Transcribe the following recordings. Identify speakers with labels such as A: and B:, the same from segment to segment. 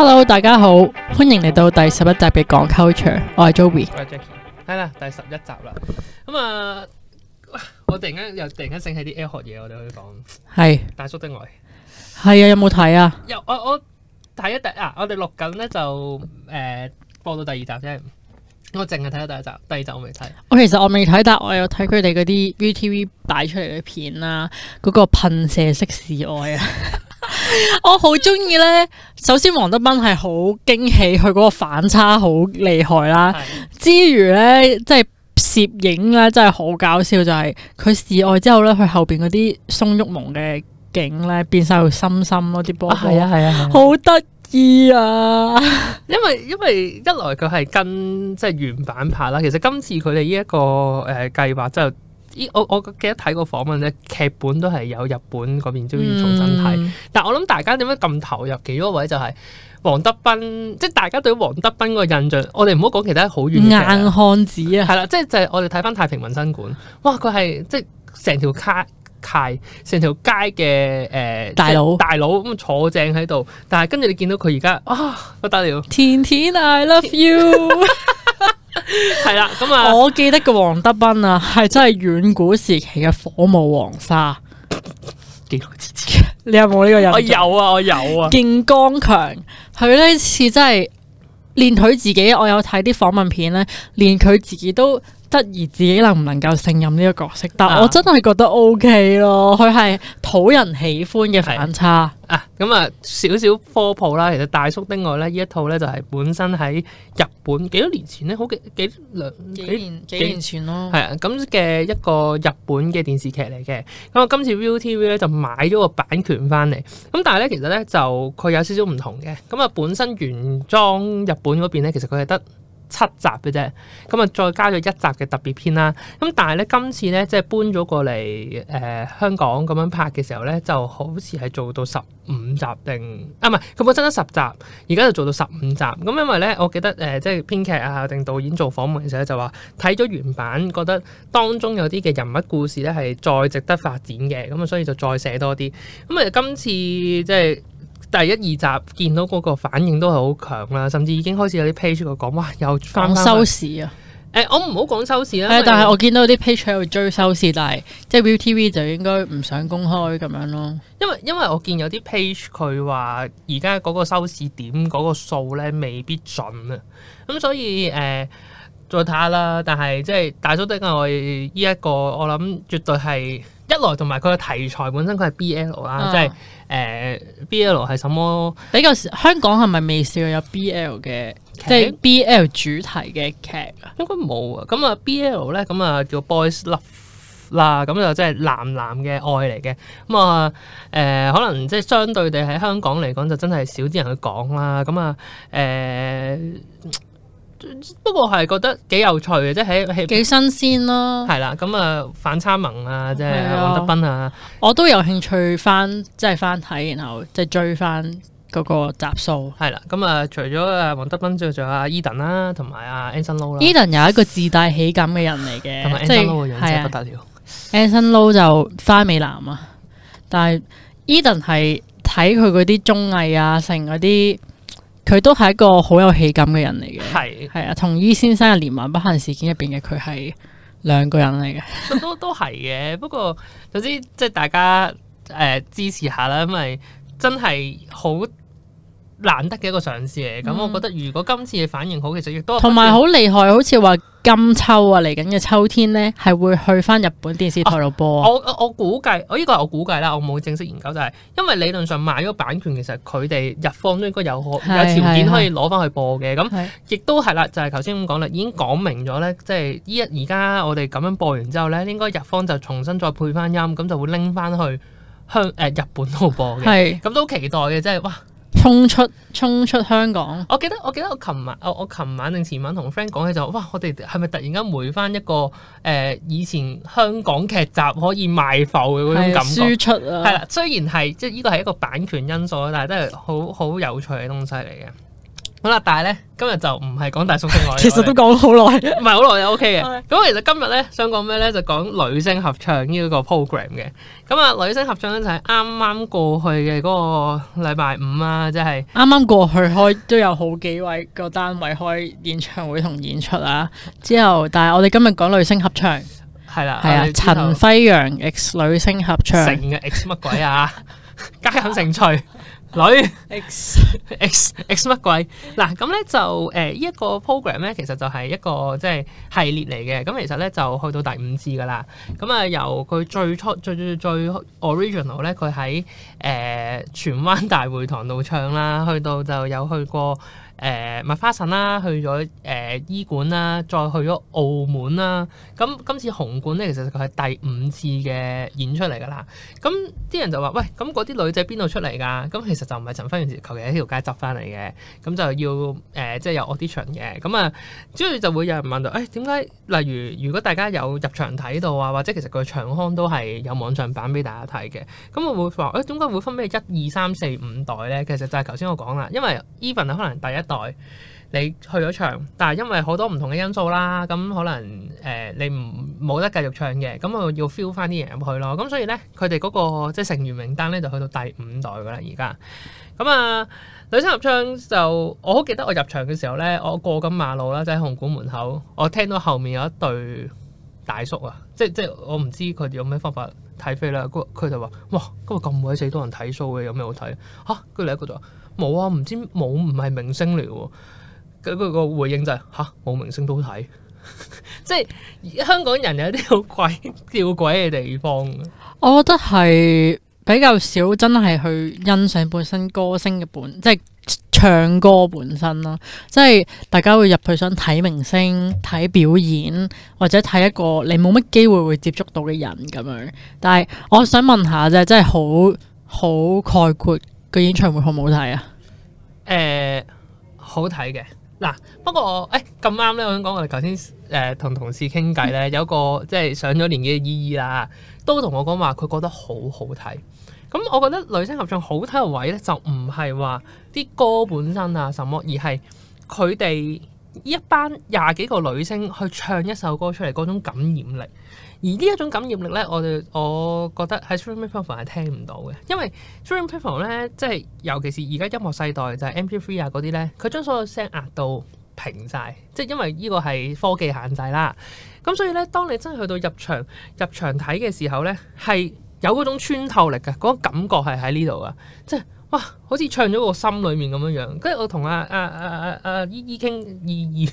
A: Hello，大家好，歡迎嚟到第十一集嘅講 culture，我係 Joey，
B: 我係 Jacky，係啦，第十一集啦，咁啊，我突然間又突然間醒起啲 A 學嘢，我哋可以講係大叔的愛，
A: 係啊，有冇睇啊？
B: 有我我睇一集啊，我哋錄緊呢就誒播到第二集啫，我淨係睇咗第一集，第二集我未睇。
A: 我其實我未睇，但係我有睇佢哋嗰啲 VTV 擺出嚟嘅片啊，嗰個噴射式示愛啊。
B: 我好中意呢。
A: 首先黃德斌係好驚喜，佢嗰個反差好厲害啦。是的 之餘呢，即係攝影呢，真係好搞笑，就係佢示愛之後呢，佢後邊嗰啲鬆郁矇嘅景呢，變晒到深深咯啲波波，係啊係啊，好得意啊！
B: 因為因為一來佢係跟即係原版拍啦，其實今次佢哋呢一個誒計劃即係。咦，我我記得睇過訪問咧，劇本都係有日本嗰邊都要重新睇。嗯、但係我諗大家點解咁投入？幾多位就係黃德斌，即係大家對黃德斌個印象，我哋唔好講其他好遠硬漢子啊。係啦，即係就係我哋睇翻太平紋身館，哇！佢係即係成條街，成條街嘅誒大佬，大佬咁坐正喺度。但係跟住你見到佢而家啊，不得了！甜甜 I love you。 係啦，咁 啊，我
A: 記得個黃德斌啊，係真係遠古時期嘅火舞黃沙。點 你有冇呢個人？我有啊，我有啊，勁剛強。佢呢次真係，連佢自己，我有睇啲訪問片呢，連佢自己都。質疑自己能唔能夠勝任呢個角色，但我真係覺得 OK
B: 咯，佢係討人喜歡嘅反差。啊，咁啊少少科普啦，其實《大叔的愛》咧呢一套咧就係本身喺日本幾多年前咧，好幾幾
A: 兩幾年幾年前咯，係啊咁
B: 嘅一個日本嘅電視劇嚟嘅。咁啊，今次 Viu TV 咧就買咗個版權翻嚟，咁但係咧其實咧就佢有少少唔同嘅。咁啊本身原裝日本嗰邊咧，其實佢係得。七集嘅啫，咁啊再加咗一集嘅特別篇啦。咁但係咧，今次咧即係搬咗過嚟誒、呃、香港咁樣拍嘅時候咧，就好似係做到十五集定？啊唔係，佢本身得十集，而家就做到十五集。咁因為咧，我記得誒、呃、即係編劇啊定導演做訪問嘅時候就話，睇咗原版覺得當中有啲嘅人物故事咧係再值得發展嘅，咁、嗯、啊所以就再寫多啲。咁、嗯、啊今次即係。第一二集見到嗰個反應都係好強啦，甚至已經開始有啲 page 佢講，哇！又翻，翻收視啊！誒、欸，我唔好講收視啦。但係我見到有啲 page 喺度追收視，但係即係 ViuTV 就
A: 應該唔想公開咁樣咯。因
B: 為因為我見有啲 page 佢話而家嗰個收視點嗰個數咧未必準啊，咁所以誒。呃嗯再睇下啦，但係即係大叔的愛呢一個，我諗絕對係一來同埋佢嘅題材本身佢係 BL 啦，即係誒 BL 係什麼？比較香港係咪未試過有 BL 嘅，即係劇 BL 主題嘅劇啊？應該冇啊！咁啊 BL 咧，咁啊叫 boys love 啦，咁就即係男男嘅愛嚟嘅。咁啊誒，可能即係相對地喺香港嚟講，就真係少啲人去講啦。咁啊誒。呃呃不過係覺得幾有趣嘅，即係喺幾新鮮咯。係啦，咁啊，反差萌啊，即係了黃德斌
A: 啊，我都有興趣翻，即係翻睇，然後即係追翻嗰個
B: 集數。係啦，咁啊，除咗啊黃德斌，仲有阿、e 啊啊、Edan 啦，同埋阿 Anson Lo 啦。Edan 又一個
A: 自帶喜感嘅人嚟
B: 嘅，即係
A: 係啊。Anson Lo 就花美男啊，但係 Edan 係睇佢嗰啲綜藝啊，成嗰啲。佢都係一個好有喜感嘅人嚟嘅，係係啊，同于先生嘅連環不幸事件入邊嘅佢係兩個人嚟
B: 嘅，都都係嘅。 不過總之，即係大家誒、呃、支持下啦，因為真係好。難得嘅一個嘗試嚟。咁、嗯、我覺得如果今次嘅反應好，其實亦都同埋好厲
A: 害，好似話今秋啊嚟緊嘅秋天咧，係會去翻日本電視台度播，啊。我
B: 我估計、這個，我依我估計啦，我冇正式研究，就係、是、因為理論上買咗個版權，其實佢哋日方都應該有有條件可以攞翻去播嘅。咁亦都係啦，就係頭先咁講啦，已經講明咗咧，即係依一而家我哋咁樣播完之後咧，應該日方就重新再配翻音，咁就會拎翻去香誒、呃、日本度播嘅。係咁是都好期待嘅，即係哇！衝出衝出香港我，我記得我記得我琴晚我我琴晚定前晚同 friend 講嘅就，哇！我哋係咪突然間回翻一個誒、呃、以前香港劇集可以賣埠嘅嗰種感覺？輸出啊，係啦，雖然係即係呢個係一個版權因素咯，但係真係好好有趣嘅東西嚟嘅。好啦，但係咧今日就唔係講大叔戀愛，其實都講咗好耐，唔係好耐就 OK 嘅。咁其實今日咧想講咩咧？就講女聲合唱呢一個 program 嘅。咁啊，女聲合唱咧就係啱啱過去嘅嗰個禮拜五啊，即係
A: 啱啱過去開都有好幾位個單位開演唱會同演出啊。之後，但係我哋今日講女聲合唱係啦，係啊，陳輝陽 X 女
B: 聲合唱成個 X 乜鬼啊？幾有興趣。女 X X X 乜鬼嗱，咁咧，就誒呢一個 program 咧，其實就係一個即係、就是、系列嚟嘅。咁其實咧，就去到第五次㗎喇。咁啊，由佢最初最最最 original 咧，佢喺誒荃灣大會堂度唱啦，去到就有去過。誒麥花臣啦，去咗誒、呃、伊館啦，再去咗澳門啦。咁、啊、今次紅館咧、啊啊，其實佢係第五次嘅演出嚟㗎啦。咁啲人就話：喂，咁嗰啲女仔邊度出嚟㗎？咁其實就唔係陳輝陽時，求其喺條街執翻嚟嘅。咁、啊、就要誒、呃，即係有 audition 嘅。咁啊，之後就會有人問到：誒點解？例如，如果大家有入場睇到啊，或者其實佢場刊都係有網上版俾大家睇嘅。咁我唔會話誒點解會分咩一二三四五代咧？其實就係頭先我講啦，因為 even 可能第一。代你去咗場，但係因為好多唔同嘅因素啦，咁可能誒、呃、你唔冇得繼續唱嘅，咁我要 feel 翻啲嘢入去咯。咁所以咧，佢哋嗰個即係成員名單咧就去到第五代噶啦，而家咁啊，女生合唱就我好記得我入場嘅時候咧，我過緊馬路啦，就喺、是、紅館門口，我聽到後面有一對大叔啊，即即係我唔知佢哋有咩方法睇飛啦，佢就話，哇今日咁鬼死多人睇 show 嘅，有咩好睇吓？跟住另一個冇啊，唔知冇唔係明星嚟嘅，佢佢個回應就係吓，冇明星都睇， 即係香港人有啲好鬼吊詭嘅地方。
A: 我覺得係比較少真係去欣賞本身歌星嘅本，即係唱歌本身囉。即係大家會入去想睇明星、睇表演，或者睇一個你冇乜機會會接觸到嘅人咁樣。但係我想問下就係，真係好好概括。個演唱會好唔好睇啊？誒、
B: 呃，好睇嘅，嗱、啊，不過我誒咁啱咧，我想講我哋頭先誒同同事傾偈咧，有個即係上咗年紀嘅姨姨啦，都同我講話佢覺得好好睇。咁、嗯、我覺得女聲合唱好睇嘅位咧，就唔係話啲歌本身啊什麼，而係佢哋一班廿幾個女聲去唱一首歌出嚟嗰種感染力。而呢一種感染力咧，我就我覺得喺 streaming platform 係聽唔到嘅，因為 streaming platform 咧，即係尤其是而家音樂世代就係、是、MP3 啊嗰啲咧，佢將所有聲壓到平晒，即係因為呢個係科技限制啦。咁所以咧，當你真係去到入場入場睇嘅時候咧，係。有嗰種穿透力嘅，嗰、嗰個感覺係喺呢度㗎，即係哇，好似唱咗個心裏面咁樣樣。跟住我同阿阿阿阿阿姨姨傾、啊，姨姨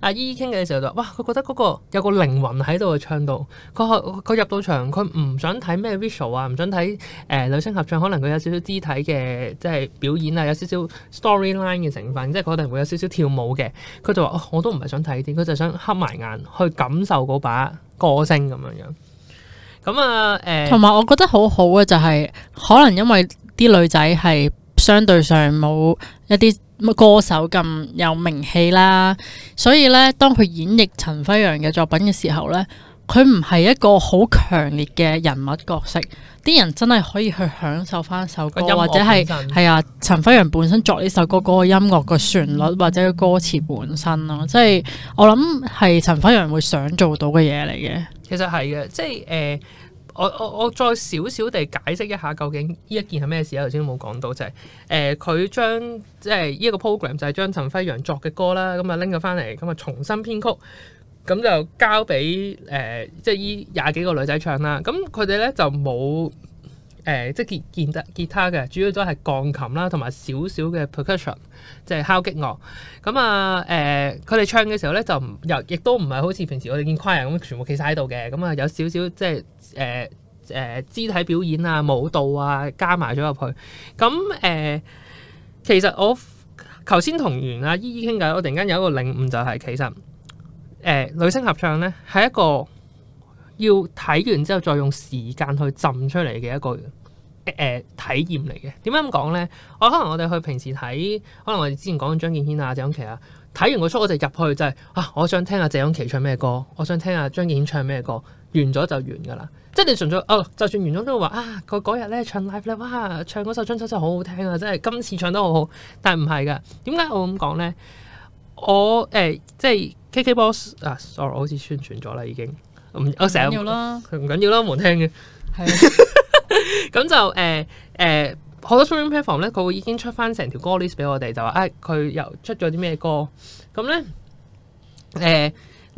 B: 阿姨姨傾嘅時候就話，哇，佢覺得嗰個有個靈魂喺度唱到，佢佢入到場，佢唔想睇咩 visual 啊，唔想睇誒、呃、女聲合唱，可能佢有少少肢體嘅即係表演啊，有少少 storyline 嘅成分，即係佢可能會有少少跳舞嘅。佢就話、哦，我都唔係想睇啲，佢就想黑埋眼去感受嗰把歌聲咁樣樣。咁啊，誒、嗯，同埋
A: 我覺得好好嘅就係，可能因為啲女仔係相對上冇一啲歌手咁有名氣啦，所以咧，當佢演繹陳輝陽嘅作品嘅時候咧，佢唔係一個好強烈嘅人物角色，啲人真係可以去享受翻首歌，又或者係係啊，陳輝陽本身作呢首歌嗰個音樂嘅旋律或者歌詞本身咯，即係我諗係陳輝陽會想做到嘅嘢嚟嘅。
B: 其實係嘅，即係誒。呃我我我再少少地解釋一下究竟呢一件係咩事啊？頭先都冇講到就係誒，佢將即係呢一個 program 就係將陳輝陽作嘅歌啦，咁啊拎咗翻嚟，咁啊重新編曲，咁就交俾誒、呃、即係依廿幾個女仔唱啦。咁佢哋咧就冇。誒，即係結吉他嘅，主要都係鋼琴啦，同埋少少嘅 percussion，即係敲擊樂。咁、嗯、啊，誒、嗯，佢、嗯、哋唱嘅時候咧，就又亦都唔係好似平時我哋見 choir 咁，全部企晒喺度嘅。咁、嗯、啊，有少少即係誒誒肢體表演啊、舞蹈啊，加埋咗入去。咁、嗯、誒、嗯，其實我頭先同袁阿姨依傾偈，我突然間有一個領悟，就係、是、其實誒、呃、女聲合唱咧，係一個要睇完之後再用時間去浸出嚟嘅一個誒、呃，體驗嚟嘅。點解咁講咧？我可能我哋去平時睇，可能我哋之前講張敬軒啊、謝安琪啊，睇完個 show 我就入去就係、是、啊，我想聽下、啊、謝安琪唱咩歌，我想聽下張敬軒唱咩歌，完咗就完噶啦。即係你純粹哦，就算完咗都話啊，佢嗰日咧唱 live 咧，哇，唱嗰首《春秋》真係好好聽啊，真係今次唱得好好。但係唔係噶，點解我咁講咧？我誒、呃，即係 KKBox 啊，sorry，我好似宣傳咗啦，已經我成日唔緊要啦，唔緊要啦，冇人聽嘅，係、啊。 咁 就誒誒，好、呃、多 streaming platform 咧，佢會已經出翻成條歌 list 俾我哋，就話、是、啊，佢又出咗啲咩歌？咁咧誒，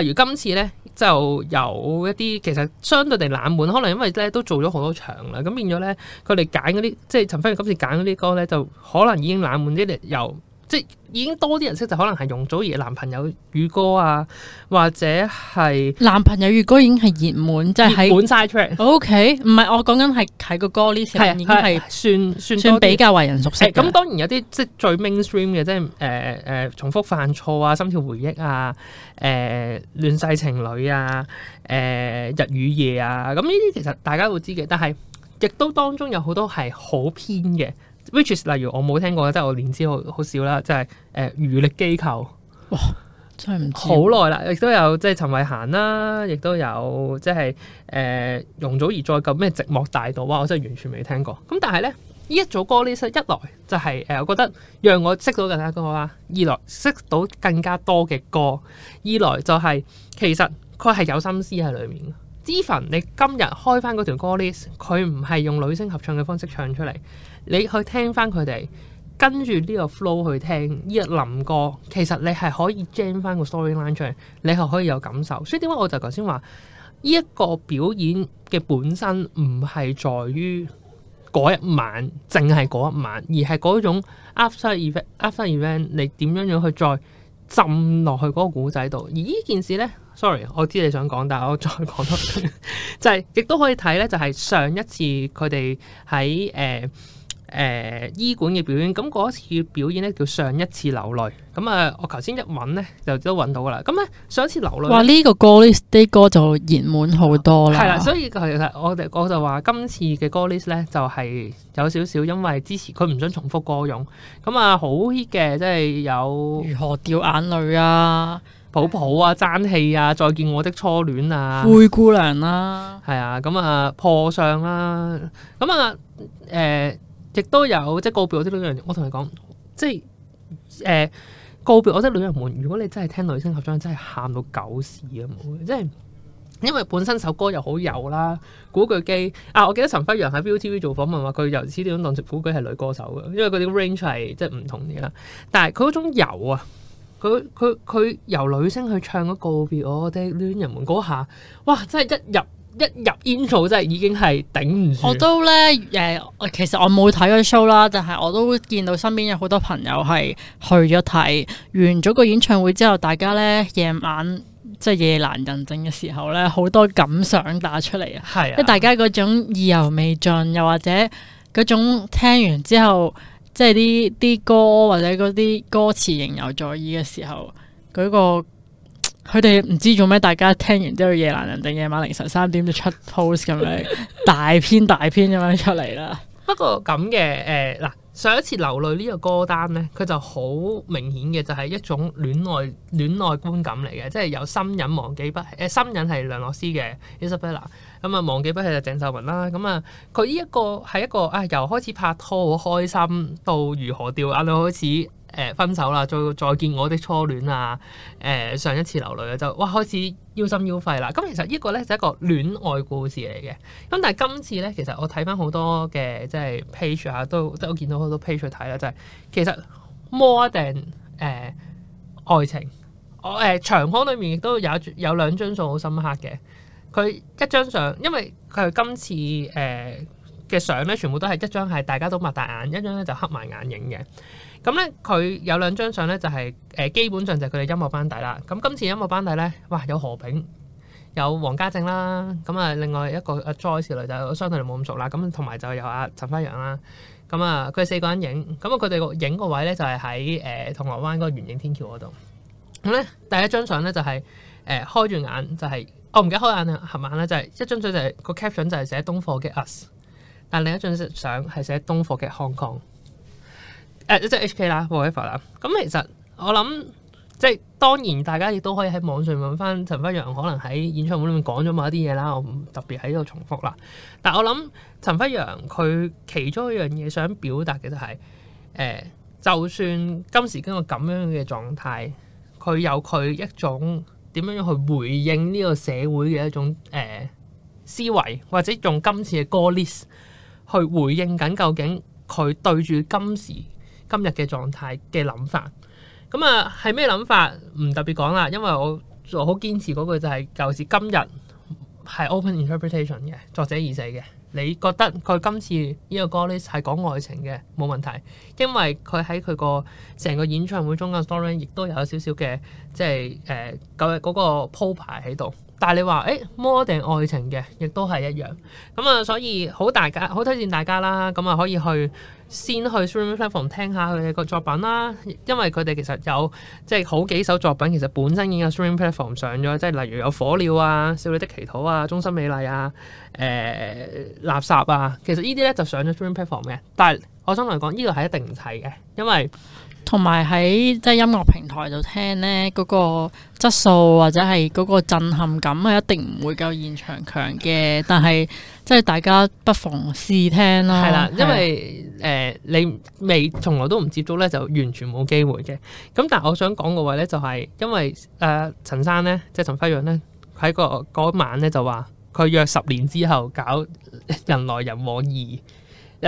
B: 例如今次咧，就有一啲其實相對地冷門，可能因為咧都做咗好多場啦，咁變咗咧，佢哋揀嗰啲即係陳輝如今次揀嗰啲歌咧，就可能已經冷門啲嚟由。即係已經多啲人識，就可能係容祖兒男朋友宇哥啊，或者係男
A: 朋友宇哥已經係熱門，即係熱晒
B: 出嚟。OK，唔係我
A: 講緊係睇個歌呢？時候已經係算是是是算算比較為人熟悉。咁、哎、
B: 當然有啲即係最 mainstream 嘅，即係誒誒重複犯錯啊，心跳回憶啊，誒、呃、亂世情侶啊，誒、呃、日與夜啊。咁呢啲其實大家會知嘅，但係亦都當中有好多係好偏嘅。which is 例如我冇聽過，即係我年資好好少啦。即係誒，余、呃、力機構哇，真係唔知好耐啦。亦都有即係陳慧嫻啦，亦都有即係誒容祖兒再咁咩寂寞大道啊，我真係完全未聽過。咁但係咧呢一組歌 list 一來就係、是、誒、呃，我覺得讓我識到其他歌啦；二來識到更加多嘅歌；二來就係、是、其實佢係有心思喺裏面。Steven，你今日開翻嗰條歌 list，佢唔係用女聲合唱嘅方式唱出嚟。你去聽翻佢哋跟住呢個 flow 去聽呢一輪歌，其實你係可以 jam 翻個 story line 出嚟，你係可以有感受。所以點解我就頭先話呢一個表演嘅本身唔係在於嗰一晚，淨係嗰一晚，而係嗰種 after event after event 你點樣樣去再浸落去嗰個故仔度。而呢件事咧，sorry，我知你想講，但係我再講多， 就係亦都可以睇咧，就係上一次佢哋喺誒。呃誒、呃、醫館嘅表演，咁嗰一次表演咧叫上一次流淚，咁啊，我頭先一揾咧就都揾到噶啦。咁咧、啊、上一次流淚，哇！呢、這
A: 個歌 list 啲歌就熱門好多啦。係啦、啊啊，所
B: 以其實我哋我就話今次嘅歌 list 咧就係、是、有少少，因為支持佢唔想重複歌用，咁啊好 hit 嘅，即係有如何掉眼淚啊、抱抱啊、爭氣啊、再見我的初戀啊、灰姑娘啦，係啊，咁啊破相啦、啊，咁啊誒。呃呃呃亦都有即係告別我的戀人。我同你講，即係誒、呃、告別我的戀人們。如果你真係聽女聲合唱，真係喊到狗屎咁即係因為本身首歌又好柔啦，古巨基啊，我記得陳輝陽喺 Viu TV 做訪問話，佢由始至終當古巨係女歌手嘅，因為佢啲 range 係即係唔同嘅啦。但係佢嗰種柔啊，佢佢佢由女聲去唱個告別我的戀人們嗰下，哇！真係一入。一入 intro 真係已經係頂唔
A: 住。我都咧誒、呃，其實我冇睇過 show 啦，但係我都見到身邊有好多朋友係去咗睇完咗個演唱會之後，大家咧夜晚即係夜闌人靜嘅時候咧，好多感想打出嚟是啊！係，即係大家嗰種意猶未盡，又或者嗰種聽完之後即係啲啲歌或者嗰啲歌詞仍有在意嘅時候，佢個。佢哋唔知做咩，大家聽完之後夜闌人靜，夜晚凌晨三點就出 post 咁樣， 大篇大篇咁樣出嚟啦。
B: 不過咁嘅，誒，嗱，上一次流淚呢個歌單咧，佢就好明顯嘅，就係一種戀愛戀愛觀感嚟嘅，即係有心癮忘記不誒，心癮係梁洛施嘅 Isabella，咁、嗯、啊忘記不係就鄭秀文啦，咁啊佢呢一個係一個啊由開始拍拖好開心，到如何掉眼淚開始。你好誒、呃、分手啦，再再見我的初戀啊！誒、呃、上一次流淚啊，就哇開始腰心腰肺啦。咁其實呢個咧就一個戀愛故事嚟嘅。咁但係今次咧，其實我睇翻好多嘅即係 page 啊，都即係見到好多 page 睇啦，就係、是、其實 more than 誒、呃、愛情。我誒長康裏面亦都有有兩張相好深刻嘅。佢一張相，因為佢今次誒嘅相咧，全部都係一張係大家都擘大眼，一張咧就黑埋眼影嘅。咁咧，佢有兩張相咧，就係誒基本上就係佢哋音樂班底啦。咁今次音樂班底咧，哇有何炳，有黃家正啦。咁啊，另外一個阿 Joyce 女仔，相對冇咁熟有有、啊、啦。咁同埋就有阿陳輝陽啦。咁啊，佢四個人影。咁啊，佢哋個影個位咧就係喺誒銅鑼灣嗰個圓影天橋嗰度。咁咧，第一張相咧就係、是、誒、呃、開住眼、就是，就係我唔記得開眼定合眼咧、就是，那個、就係一張相就係個 caption 就係寫《Don't forget us》，但另一張相係寫《Don't forget Hong Kong》。誒、呃，即係 HK 啦，Wave 啦。咁、嗯、其實我諗，即係當然，大家亦都可以喺網上揾返陳輝陽可能喺演唱會裏面講咗某一啲嘢啦。我唔特別喺度重複啦。但係我諗陳輝陽佢其中一樣嘢想表達嘅就係、是、誒、呃，就算今時經過咁樣嘅狀態，佢有佢一種點樣去回應呢個社會嘅一種誒、呃、思維，或者用今次嘅歌 list 去回應緊，究竟佢對住今時。今日嘅狀態嘅諗法，咁啊係咩諗法？唔特別講啦，因為我做好堅持嗰句就係舊時今日係 open interpretation 嘅作者而死嘅。你覺得佢今次呢個歌呢係講愛情嘅，冇問題，因為佢喺佢個成個演唱會中嘅 story 亦都有少少嘅即係誒舊日嗰個鋪排喺度。但係你話，誒魔定愛情嘅，亦都係一樣咁啊、嗯。所以好大家好推薦大家啦，咁、嗯、啊可以去先去 Stream Platform 聽下佢哋個作品啦。因為佢哋其實有即係好幾首作品，其實本身已經有 Stream Platform 上咗，即係例如有火鳥啊、少女的祈禱啊、中心美麗啊、誒、呃、垃圾啊。其實呢啲咧就上咗 Stream Platform 嘅。但係我想同你講，呢、這個係一定唔係嘅，因為。
A: 同埋喺即係音樂平台度聽呢，嗰、嗰個質素或者係嗰個震撼感啊，一定唔會夠現場強嘅。但係即係大家不妨試聽啦。係啦， 因為
B: 誒、呃、你未從來都唔接觸呢，就完全冇機會嘅。咁但係我想講個位呢，就係因為誒陳生呢，即係陳輝陽呢，喺個嗰晚呢，就話佢約十年之後搞人來人往二。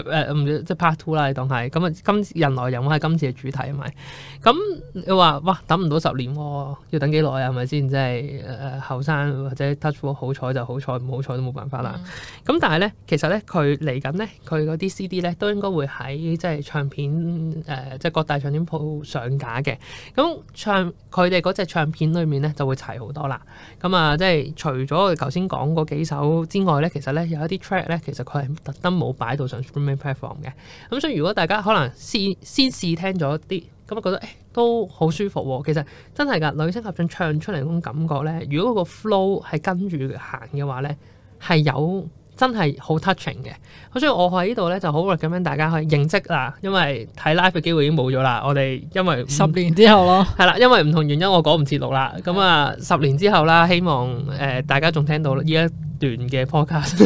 B: 誒誒唔即係拍拖啦，你當係咁啊！咁人來人往係今次嘅主題係咪？咁你話哇，等唔到十年喎，要等幾耐啊？係咪先？即係誒後生或者得咗好彩就好彩，唔好彩都冇辦法啦。咁、嗯、但係咧，其實咧佢嚟緊咧，佢嗰啲 CD 咧都應該會喺即係唱片誒、呃，即係各大唱片鋪上架嘅。咁、嗯、唱佢哋嗰隻唱片裏面咧就會齊好多啦。咁、嗯、啊、呃，即係除咗我頭先講嗰幾首之外咧，其實咧有一啲 track 咧，其實佢係特登冇擺到上平台嘅，咁、嗯、所以如果大家可能試先先試聽咗啲，咁我覺得誒、哎、都好舒服喎、哦。其實真係噶，女聲合唱唱出嚟嗰種感覺咧，如果個 flow 係跟住行嘅話咧，係有。真係好 touching 嘅，所以我喺呢度咧就好快咁樣大家去以認識啦，因為睇 live 嘅機會已經冇咗啦。我哋因為十年之後咯，係啦， 因為唔同原因我講唔切錄啦。咁啊的、嗯，十年之後啦，希望誒大家仲聽到呢一段嘅 podcast，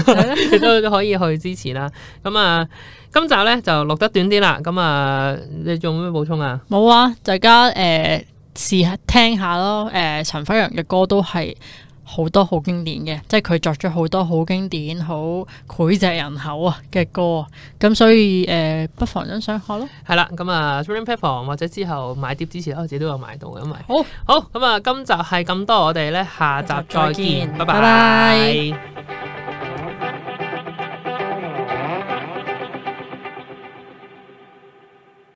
B: 都的 可以去支持啦。咁、嗯、啊，今集咧就錄得短啲啦。咁、嗯、啊，你仲有咩補充啊？
A: 冇啊，大家誒、呃、試聽下咯。誒、呃，陳輝陽嘅歌都係。好多好經典嘅，即係佢作咗好多好經典、好膾炙人口啊嘅歌，咁所以誒、呃，不妨欣賞下咯。
B: 係啦，咁啊，Spring Peppa 或者之後買碟之前我自己都有買到嘅，因為好好咁啊。今集係咁多，我哋咧下集再見，再見拜拜。Bye bye